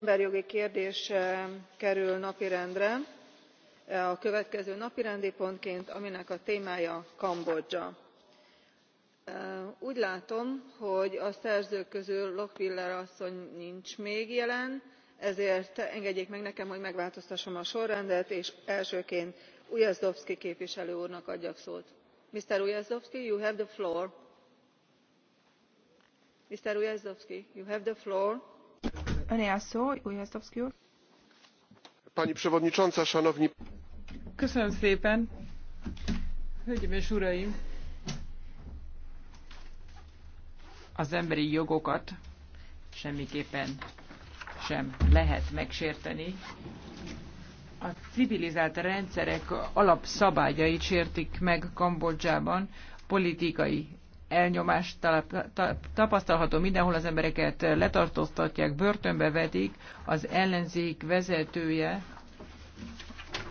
emberjogi kérdés eh, kerül napirendre eh, a következő napirendi pontként aminek a témája kambodzsa. Eh, úgy látom hogy a szerzők közül lochbihler asszony nincs még jelen ezért engedjék meg nekem hogy megváltoztassam a sorrendet és elsőként ujazdowski képviselő úrnak adjak szót. mr ujazdowski you have the floor. mr ujazdowski you have the floor. Pani przewodnicząca, szanowni... Köszönöm szépen. Hölgyeim és uraim! Az emberi jogokat semmiképpen sem lehet megsérteni. A civilizált rendszerek alapszabályait sértik meg Kambodzsában politikai Elnyomást tapasztalható mindenhol, az embereket letartóztatják, börtönbe vetik, az ellenzék vezetője,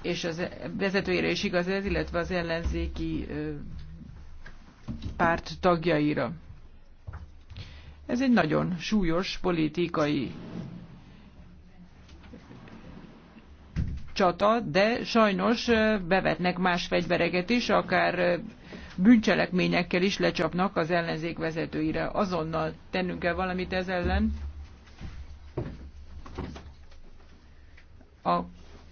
és az e, vezetőjére is igaz ez, illetve az ellenzéki párt tagjaira. Ez egy nagyon súlyos politikai csata, de sajnos bevetnek más fegyvereket is, akár bűncselekményekkel is lecsapnak az ellenzék vezetőire. Azonnal tennünk kell valamit ez ellen. A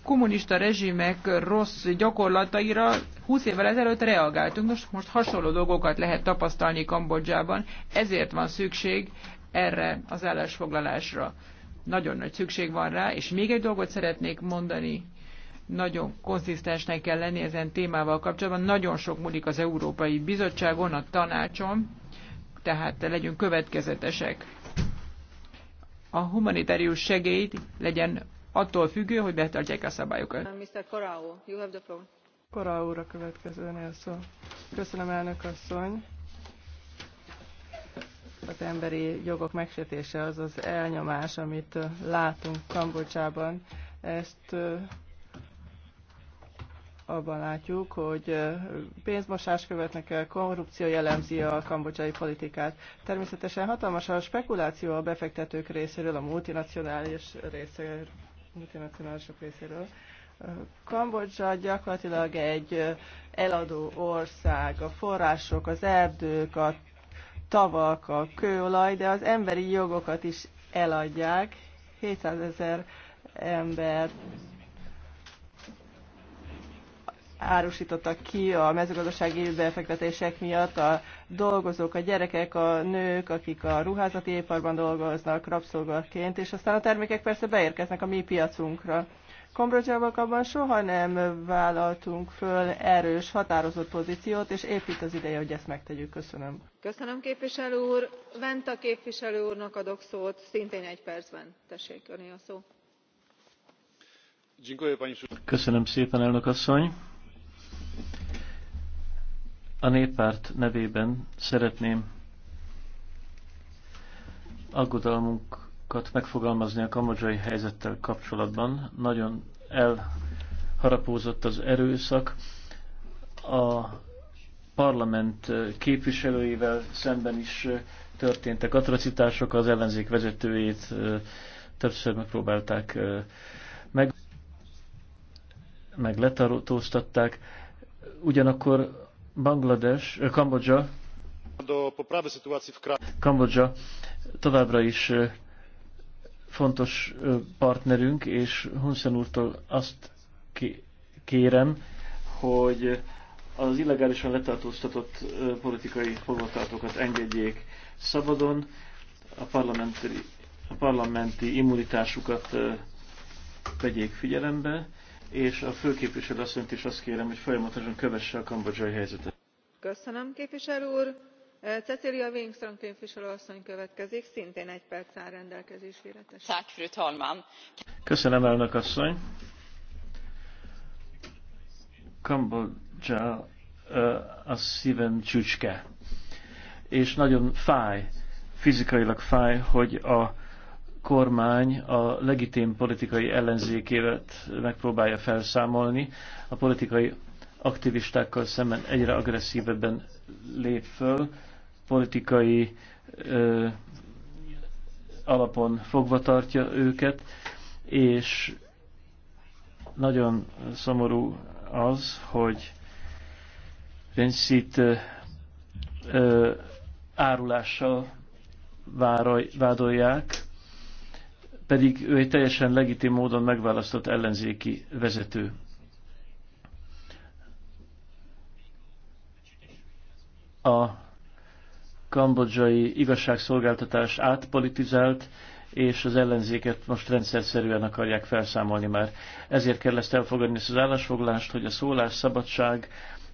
kommunista rezsimek rossz gyakorlataira 20 évvel ezelőtt reagáltunk. Most, most hasonló dolgokat lehet tapasztalni Kambodzsában, ezért van szükség erre az állásfoglalásra. Nagyon nagy szükség van rá, és még egy dolgot szeretnék mondani nagyon konzisztensnek kell lenni ezen témával kapcsolatban. Nagyon sok múlik az Európai Bizottságon, a tanácson, tehát legyünk következetesek. A humanitárius segélyt legyen attól függő, hogy betartják a szabályokat. Uh, Mr. Corao, you have the floor. úr a következőnél szó. Köszönöm, elnök asszony az emberi jogok megsértése, az az elnyomás, amit uh, látunk Kambodzsában, ezt uh, abban látjuk, hogy pénzmosás követnek el, korrupció jellemzi a kambodzsai politikát. Természetesen hatalmas a spekuláció a befektetők részéről, a multinacionális részéről, multinacionálisok részéről. Kambodzsa gyakorlatilag egy eladó ország, a források, az erdők, a tavak, a kőolaj, de az emberi jogokat is eladják. 700 ezer ember árusítottak ki a mezőgazdasági befektetések miatt a dolgozók, a gyerekek, a nők, akik a ruházati iparban dolgoznak rabszolgaként, és aztán a termékek persze beérkeznek a mi piacunkra. Kambodzsával abban soha nem vállaltunk föl erős, határozott pozíciót, és épp itt az ideje, hogy ezt megtegyük. Köszönöm. Köszönöm képviselő úr. Venta képviselő úrnak adok szót, szintén egy percben. Tessék, öné a szó. Köszönöm szépen, elnök asszony. A néppárt nevében szeretném aggodalmunkat megfogalmazni a kamodzsai helyzettel kapcsolatban. Nagyon elharapózott az erőszak. A parlament képviselőivel szemben is történtek atrocitások, az ellenzék vezetőjét többször megpróbálták meg, meg letartóztatták. Ugyanakkor Banglades, eh, Kambodzsa, Kambodzsa továbbra is eh, fontos eh, partnerünk, és Hunsen úrtól azt kérem, hogy az illegálisan letartóztatott politikai fogvatartókat engedjék szabadon, a parlamenti, a parlamenti immunitásukat vegyék figyelembe, és a főképviselő asszonyt is azt kérem, hogy folyamatosan kövesse a kambodzsai helyzetet. Köszönöm, képviselő úr. Cecilia Wingström képviselő asszony következik, szintén egy perc áll rendelkezésére. Köszönöm, elnök asszony. Kambodzsa a szívem csücske. És nagyon fáj, fizikailag fáj, hogy a kormány a legitim politikai ellenzékévet megpróbálja felszámolni, a politikai aktivistákkal szemben egyre agresszívebben lép föl, politikai ö, alapon fogva tartja őket, és nagyon szomorú az, hogy Rinszit árulással vádolják, pedig ő egy teljesen legitim módon megválasztott ellenzéki vezető. A kambodzsai igazságszolgáltatás átpolitizált, és az ellenzéket most szerűen akarják felszámolni már. Ezért kell ezt elfogadni, ezt az állásfoglalást, hogy a szólásszabadság,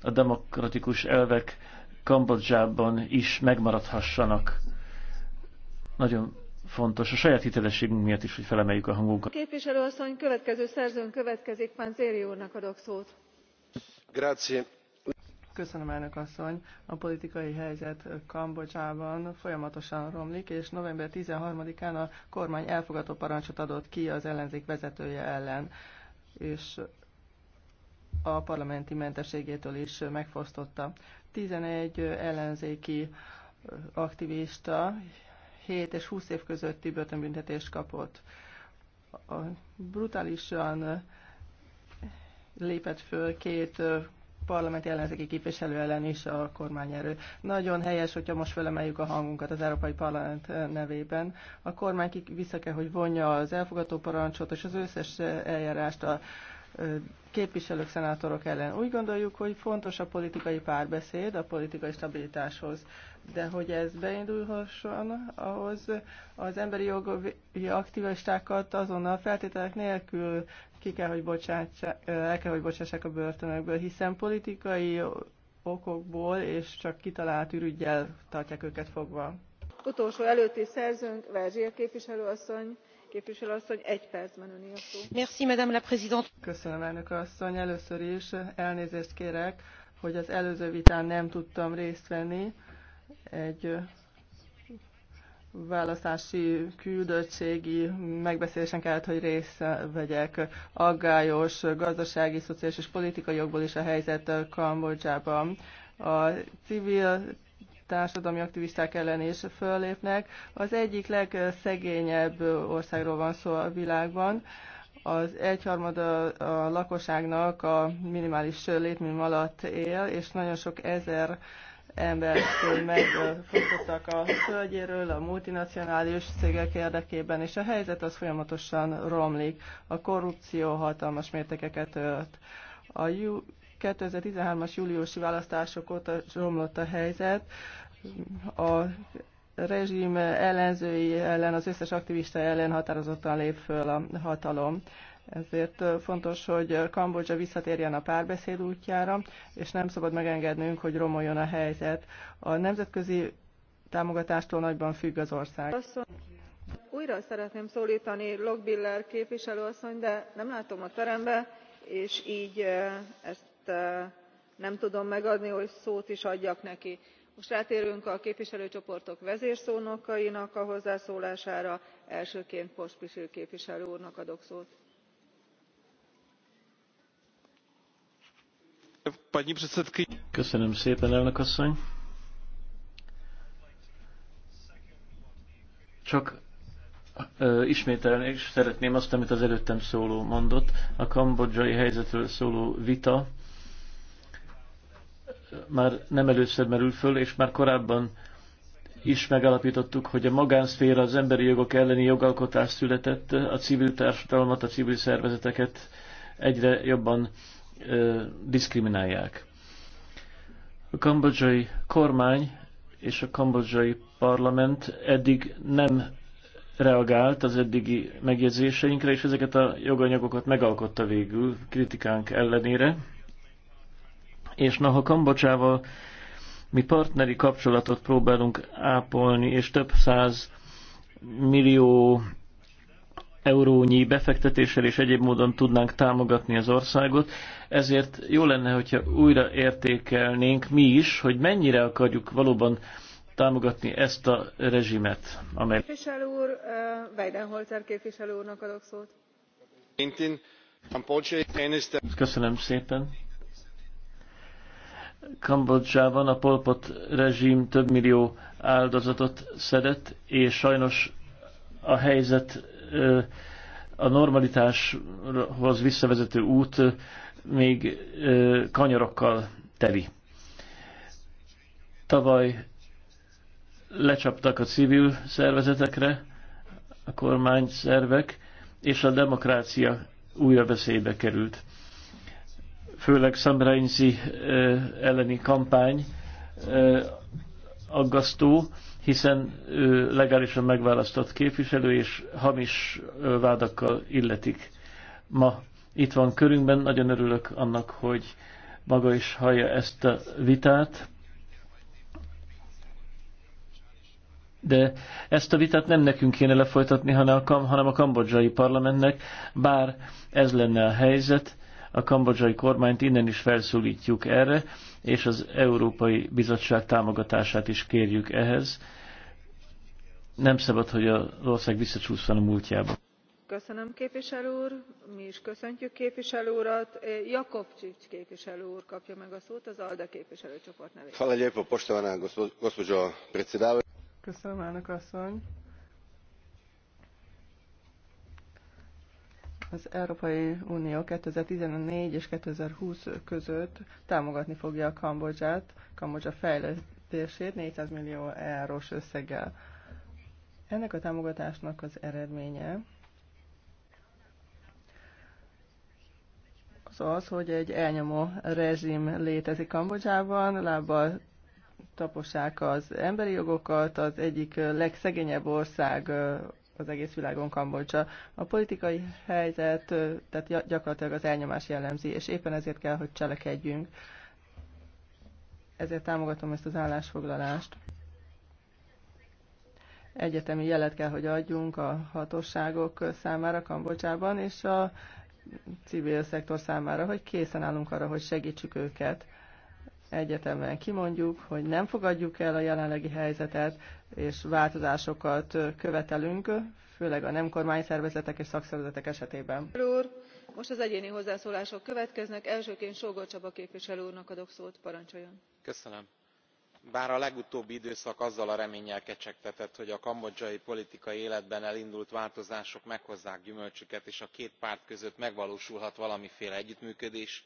a demokratikus elvek Kambodzsában is megmaradhassanak. Nagyon fontos a saját hitelességünk miatt is, hogy felemeljük a hangunkat. Képviselőasszony, következő szerzőn következik, Panzéri úrnak adok szót. Grazie. Köszönöm, elnök asszony. A politikai helyzet Kambodzsában folyamatosan romlik, és november 13-án a kormány elfogadó parancsot adott ki az ellenzék vezetője ellen, és a parlamenti mentességétől is megfosztotta. 11 ellenzéki aktivista 7 és 20 év közötti börtönbüntetést kapott. A brutálisan lépett föl két parlamenti ellenzéki képviselő ellen is a kormányerő. Nagyon helyes, hogyha most felemeljük a hangunkat az Európai Parlament nevében. A kormány vissza kell, hogy vonja az elfogadó parancsot és az összes eljárást a képviselők, szenátorok ellen. Úgy gondoljuk, hogy fontos a politikai párbeszéd a politikai stabilitáshoz de hogy ez beindulhasson, ahhoz az emberi jogi aktivistákat azonnal feltételek nélkül ki kell, hogy bocsátsák, el kell, hogy bocsássák a börtönökből, hiszen politikai okokból és csak kitalált ürügyel tartják őket fogva. Utolsó előtti szerzőnk, Verzsia képviselőasszony, képviselőasszony, egy percben öné a szó. Merci, madame la présidente. Köszönöm, elnök asszony. Először is elnézést kérek, hogy az előző vitán nem tudtam részt venni egy választási küldöttségi megbeszélésen kellett, hogy részt vegyek. Aggályos gazdasági, szociális és politikai jogból is a helyzet Kambodzsában. A civil társadalmi aktivisták ellen is föllépnek. Az egyik legszegényebb országról van szó a világban. Az egyharmada a lakosságnak a minimális létműm alatt él, és nagyon sok ezer embert megfosztottak a földjéről a multinacionális cégek érdekében, és a helyzet az folyamatosan romlik. A korrupció hatalmas mértékeket ölt. A 2013-as júliusi választások óta romlott a helyzet. A rezsim ellenzői ellen, az összes aktivista ellen határozottan lép föl a hatalom. Ezért fontos, hogy Kambodzsa visszatérjen a párbeszéd útjára, és nem szabad megengednünk, hogy romoljon a helyzet. A nemzetközi támogatástól nagyban függ az ország. Újra szeretném szólítani Logbiller képviselőasszony, de nem látom a terembe, és így ezt nem tudom megadni, hogy szót is adjak neki. Most rátérünk a képviselőcsoportok vezérszónokainak a hozzászólására. Elsőként Pospisil képviselő úrnak adok szót. Köszönöm szépen, elnök asszony. Csak ismételni és szeretném azt, amit az előttem szóló mondott. A kambodzsai helyzetről szóló vita már nem először merül föl, és már korábban is megalapítottuk, hogy a magánszféra az emberi jogok elleni jogalkotás született, a civil társadalmat, a civil szervezeteket egyre jobban diszkriminálják. A kambodzsai kormány és a kambodzsai parlament eddig nem reagált az eddigi megjegyzéseinkre, és ezeket a joganyagokat megalkotta végül kritikánk ellenére. És noha Kambocsával mi partneri kapcsolatot próbálunk ápolni, és több száz millió eurónyi befektetéssel és egyéb módon tudnánk támogatni az országot, ezért jó lenne, hogyha újra értékelnénk mi is, hogy mennyire akarjuk valóban támogatni ezt a rezsimet. Amely... Képviselő úr, Weidenholzer képviselő úrnak adok szót. Köszönöm szépen. Kambodzsában a Polpot rezsim több millió áldozatot szedett, és sajnos a helyzet a normalitáshoz visszavezető út még kanyarokkal teli. Tavaly lecsaptak a civil szervezetekre, a kormány szervek, és a demokrácia újra veszélybe került. Főleg Szambrainci elleni kampány aggasztó, hiszen ő legálisan megválasztott képviselő, és hamis vádakkal illetik. Ma itt van körünkben, nagyon örülök annak, hogy maga is hallja ezt a vitát, De ezt a vitát nem nekünk kéne lefolytatni, hanem a, hanem a kambodzsai parlamentnek, bár ez lenne a helyzet, a kambodzsai kormányt innen is felszólítjuk erre, és az Európai Bizottság támogatását is kérjük ehhez. Nem szabad, hogy az ország visszacsúszva a múltjába. Köszönöm képviselő úr, mi is köszöntjük képviselő urat. Csics képviselő úr kapja meg a szót az ALDE képviselőcsoport nevében. Köszönöm, elnök asszony. az Európai Unió 2014 és 2020 között támogatni fogja a Kambodzsát, Kambodzsa fejlesztését 400 millió eurós összeggel. Ennek a támogatásnak az eredménye az az, hogy egy elnyomó rezsim létezik Kambodzsában, lábbal tapossák az emberi jogokat, az egyik legszegényebb ország az egész világon Kambodzsa. A politikai helyzet, tehát gyakorlatilag az elnyomás jellemzi, és éppen ezért kell, hogy cselekedjünk. Ezért támogatom ezt az állásfoglalást. Egyetemi jelet kell, hogy adjunk a hatóságok számára Kambodzsában, és a civil szektor számára, hogy készen állunk arra, hogy segítsük őket egyetemen kimondjuk, hogy nem fogadjuk el a jelenlegi helyzetet, és változásokat követelünk, főleg a nem kormányszervezetek és szakszervezetek esetében. Úr, most az egyéni hozzászólások következnek. Elsőként Sógor Csaba képviselő úrnak adok szót, parancsoljon. Köszönöm. Bár a legutóbbi időszak azzal a reménnyel kecsegtetett, hogy a kambodzsai politikai életben elindult változások meghozzák gyümölcsüket, és a két párt között megvalósulhat valamiféle együttműködés,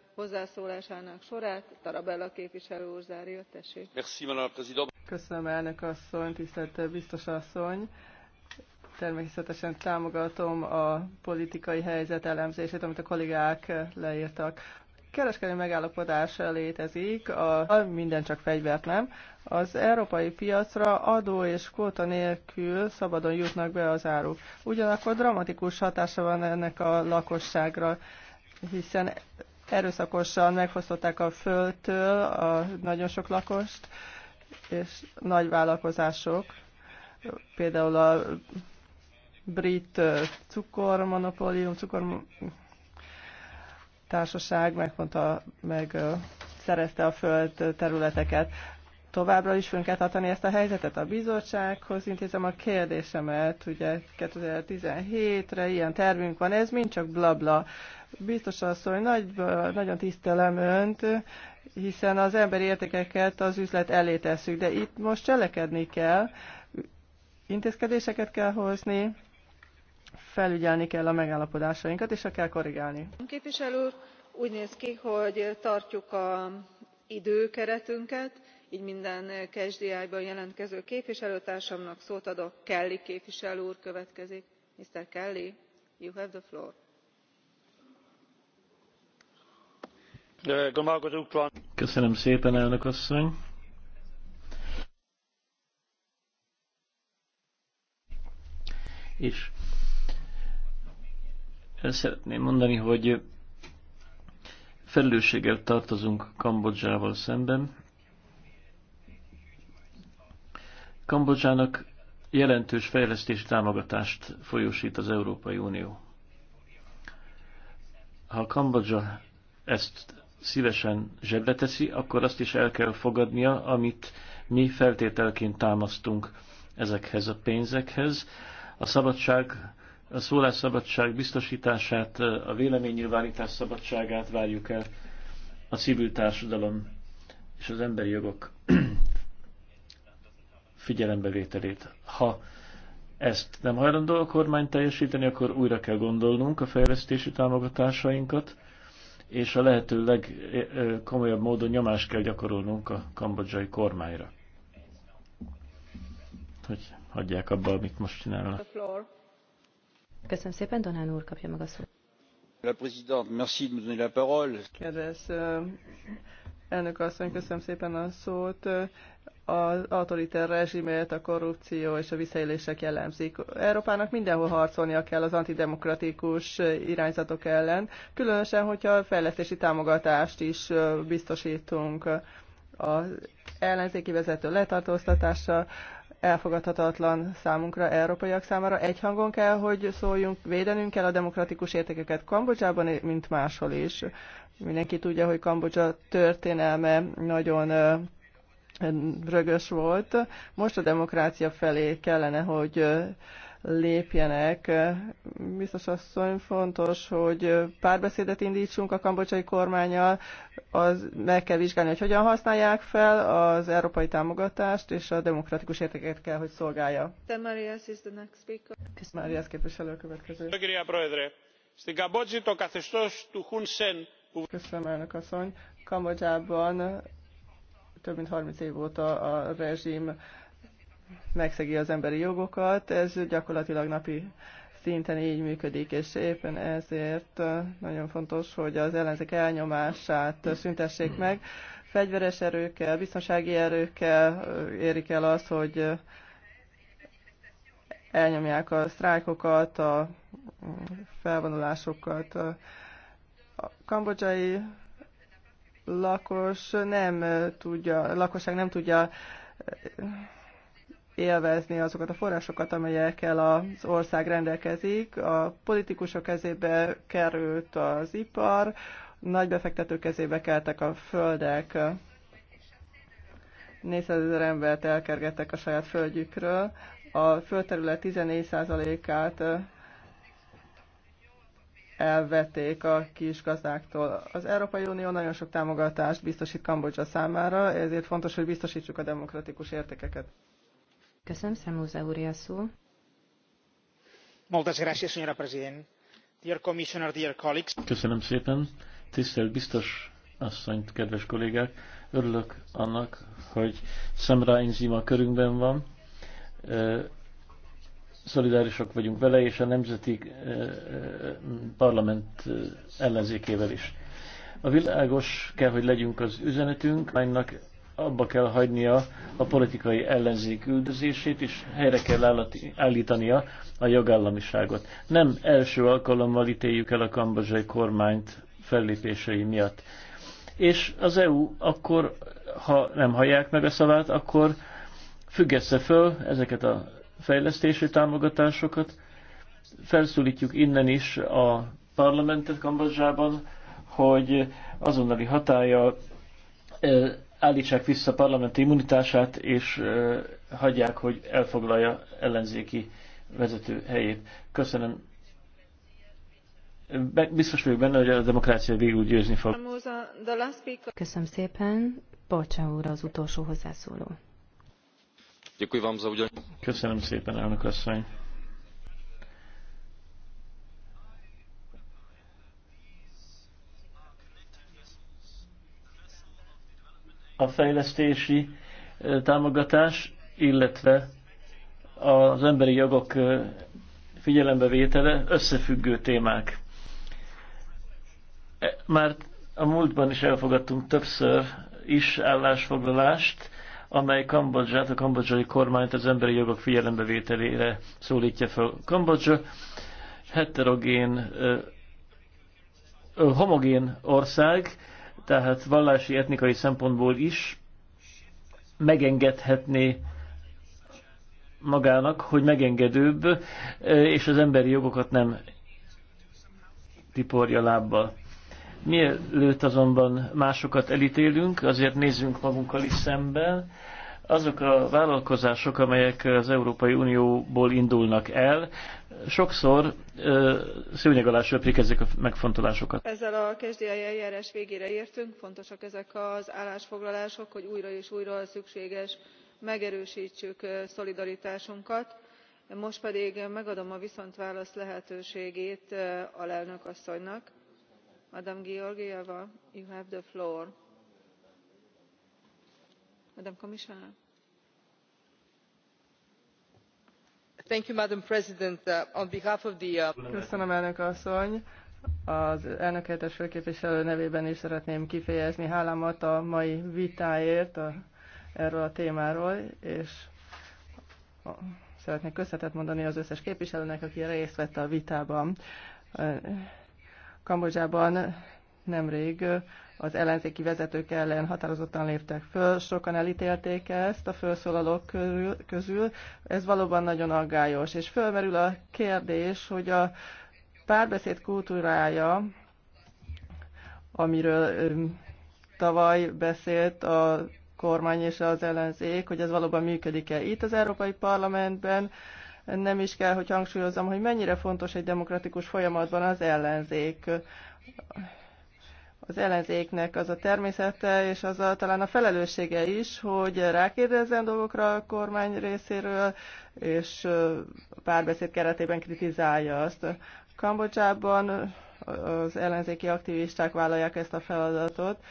hozzászólásának sorát tarabella képviselő úr zárja. tessék! köszönöm elnök asszony tisztelt biztos asszony! természetesen támogatom a politikai helyzet elemzését amit a kollégák leírtak. Kereskedelmi megállapodás létezik, a, minden csak fegyvert nem. Az európai piacra adó és kóta nélkül szabadon jutnak be az áruk. Ugyanakkor dramatikus hatása van ennek a lakosságra, hiszen erőszakosan megfosztották a földtől a nagyon sok lakost, és nagy vállalkozások, például a brit cukormonopólium, cukor társaság megmondta, meg szerezte a föld területeket továbbra is fönn kell tartani ezt a helyzetet. A bizottsághoz intézem a kérdésemet, ugye 2017-re ilyen tervünk van, ez mind csak blabla. Biztos az, hogy nagy, nagyon tisztelem önt, hiszen az emberi értékeket az üzlet elé tesszük, de itt most cselekedni kell, intézkedéseket kell hozni, felügyelni kell a megállapodásainkat, és kell korrigálni. Képviselő úr, úgy néz ki, hogy tartjuk a időkeretünket gy minden catch the eye jelentkező képviselőtársamnak szót adok kelly képviselő úr következik. mr kelly you have the floor. Köszönöm szépen, elnök asszony. És el szeretném mondani, hogy felelősséggel tartozunk Kambodzsával szemben, Kambodzsának jelentős fejlesztési támogatást folyósít az Európai Unió. Ha Kambodzsa ezt szívesen zsebbe teszi, akkor azt is el kell fogadnia, amit mi feltételként támasztunk ezekhez a pénzekhez. A szabadság, a szólásszabadság biztosítását, a véleménynyilvánítás szabadságát várjuk el a civil társadalom és az emberi jogok figyelembevételét. Ha ezt nem hajlandó a kormány teljesíteni, akkor újra kell gondolnunk a fejlesztési támogatásainkat, és a lehető legkomolyabb módon nyomást kell gyakorolnunk a kambodzsai kormányra. Hogy hagyják abba, amit most csinálnak. Köszönöm szépen, Donán úr kapja meg a szót. La présidente, merci de me donner la parole. Kedves elnök asszony, köszönöm szépen a szót az autoriter rezsimet, a korrupció és a visszaélések jellemzik. Európának mindenhol harcolnia kell az antidemokratikus irányzatok ellen, különösen, hogyha fejlesztési támogatást is biztosítunk az ellenzéki vezető letartóztatása, elfogadhatatlan számunkra, európaiak számára. Egy hangon kell, hogy szóljunk, védenünk kell a demokratikus értékeket Kambodzsában, mint máshol is. Mindenki tudja, hogy Kambodzsa történelme nagyon rögös volt. Most a demokrácia felé kellene, hogy lépjenek. Biztos asszony fontos, hogy párbeszédet indítsunk a kambodzsai kormányal, az meg kell vizsgálni, hogy hogyan használják fel az európai támogatást, és a demokratikus értéket kell, hogy szolgálja. Te Marias is the next speaker. Marias képviselő következő. Köszönöm, elnök asszony. Kambodzsában több mint 30 év óta a rezsim megszegi az emberi jogokat. Ez gyakorlatilag napi szinten így működik, és éppen ezért nagyon fontos, hogy az ellenzék elnyomását szüntessék meg. Fegyveres erőkkel, biztonsági erőkkel érik el azt, hogy elnyomják a sztrájkokat, a felvonulásokat. A kambodzsai lakos nem tudja, a lakosság nem tudja élvezni azokat a forrásokat, amelyekkel az ország rendelkezik. A politikusok kezébe került az ipar, nagy befektető kezébe keltek a földek. 400 ezer embert elkergettek a saját földjükről. A földterület 14%-át elvették a kis gazdáktól. Az Európai Unió nagyon sok támogatást biztosít Kambodzsa számára, ezért fontos, hogy biztosítsuk a demokratikus értékeket. Köszönöm, Szemúz úr, szó. Moltes gracias, señora president. Dear commissioner, dear colleagues. Köszönöm szépen. Tisztelt biztos asszonyt, kedves kollégák. Örülök annak, hogy Szemra enzima körünkben van szolidárisak vagyunk vele, és a nemzeti eh, eh, parlament eh, ellenzékével is. A világos kell, hogy legyünk az üzenetünk, melynek abba kell hagynia a politikai ellenzék üldözését, és helyre kell állítania a jogállamiságot. Nem első alkalommal ítéljük el a kambazsai kormányt fellépései miatt. És az EU akkor, ha nem hallják meg a szavát, akkor függesse föl ezeket a fejlesztési támogatásokat. Felszólítjuk innen is a parlamentet Kambodzsában, hogy azonnali hatája állítsák vissza parlamenti immunitását, és hagyják, hogy elfoglalja ellenzéki vezető helyét. Köszönöm. Biztos vagyok benne, hogy a demokrácia végül győzni fog. Köszönöm szépen. Bocsa úr az utolsó hozzászóló. Köszönöm szépen, elnök asszony. A fejlesztési támogatás, illetve az emberi jogok figyelembevétele összefüggő témák. E, már a múltban is elfogadtunk többször is állásfoglalást, amely Kambodzsát, a kambodzsai kormányt az emberi jogok figyelembevételére szólítja fel. Kambodzsa heterogén, homogén ország, tehát vallási, etnikai szempontból is megengedhetné magának, hogy megengedőbb, és az emberi jogokat nem tiporja lábbal. Mielőtt azonban másokat elítélünk, azért nézzünk magunkkal is szemben. Azok a vállalkozások, amelyek az Európai Unióból indulnak el, sokszor ö, szőnyeg alá söprik ezek a megfontolásokat. Ezzel a kezdélyi eljárás végére értünk, fontosak ezek az állásfoglalások, hogy újra és újra szükséges megerősítsük szolidaritásunkat most pedig megadom a viszontválasz lehetőségét alelnök asszonynak madam georgieva you have the floor. madam commissioner. Thank you, madam president uh, on behalf of the. Uh, köszönöm elnök asszony az elnök helyettes főképviselő nevében is szeretném kifejezni hálámat a mai vitáért a, erről a témáról és szeretnék köszönetet mondani az összes képviselőnek aki részt vett a vitában. Kambodzsában nemrég az ellenzéki vezetők ellen határozottan léptek föl, sokan elítélték ezt a felszólalók közül. Ez valóban nagyon aggályos, és fölmerül a kérdés, hogy a párbeszéd kultúrája, amiről tavaly beszélt a kormány és az ellenzék, hogy ez valóban működik-e itt az Európai Parlamentben, nem is kell, hogy hangsúlyozom, hogy mennyire fontos egy demokratikus folyamatban az ellenzék. Az ellenzéknek az a természete, és az a, talán a felelőssége is, hogy rákérdezzen dolgokra a kormány részéről, és párbeszéd keretében kritizálja azt. Kambodzsában az ellenzéki aktivisták vállalják ezt a feladatot.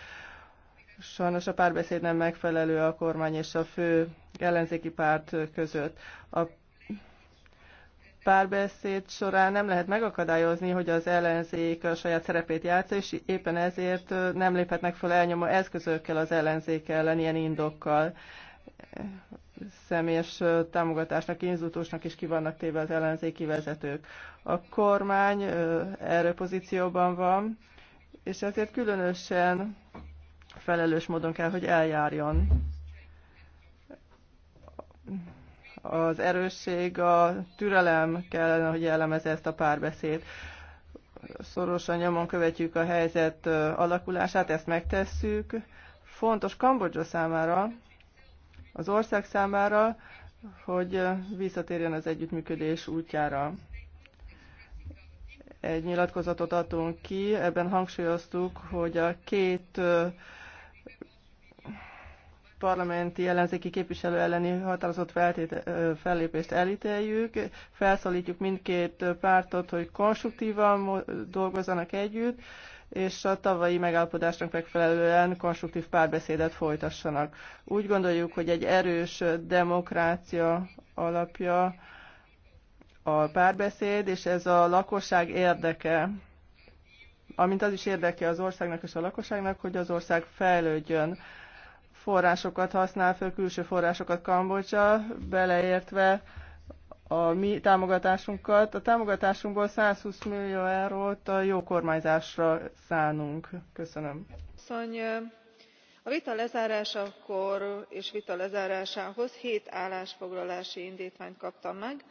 Sajnos a párbeszéd nem megfelelő a kormány és a fő ellenzéki párt között. A párbeszéd során nem lehet megakadályozni, hogy az ellenzék a saját szerepét játsza, és éppen ezért nem léphetnek fel elnyomó eszközökkel az ellenzék ellen, ilyen indokkal személyes támogatásnak, inzultusnak is ki vannak téve az ellenzéki vezetők. A kormány erről pozícióban van, és ezért különösen felelős módon kell, hogy eljárjon az erősség, a türelem kellene, hogy jellemezze ezt a párbeszéd. Szorosan nyomon követjük a helyzet alakulását, ezt megtesszük. Fontos Kambodzsa számára, az ország számára, hogy visszatérjen az együttműködés útjára. Egy nyilatkozatot adtunk ki, ebben hangsúlyoztuk, hogy a két parlamenti ellenzéki képviselő elleni határozott feltét, fellépést elítéljük, felszólítjuk mindkét pártot, hogy konstruktívan dolgozzanak együtt, és a tavalyi megállapodásnak megfelelően konstruktív párbeszédet folytassanak. Úgy gondoljuk, hogy egy erős demokrácia alapja a párbeszéd, és ez a lakosság érdeke amint az is érdeke az országnak és a lakosságnak, hogy az ország fejlődjön forrásokat használ föl, külső forrásokat Kambodzsa, beleértve a mi támogatásunkat. A támogatásunkból 120 millió eurót a jó kormányzásra szánunk. Köszönöm. Szony, a vita lezárásakor és vita lezárásához hét állásfoglalási indítványt kaptam meg.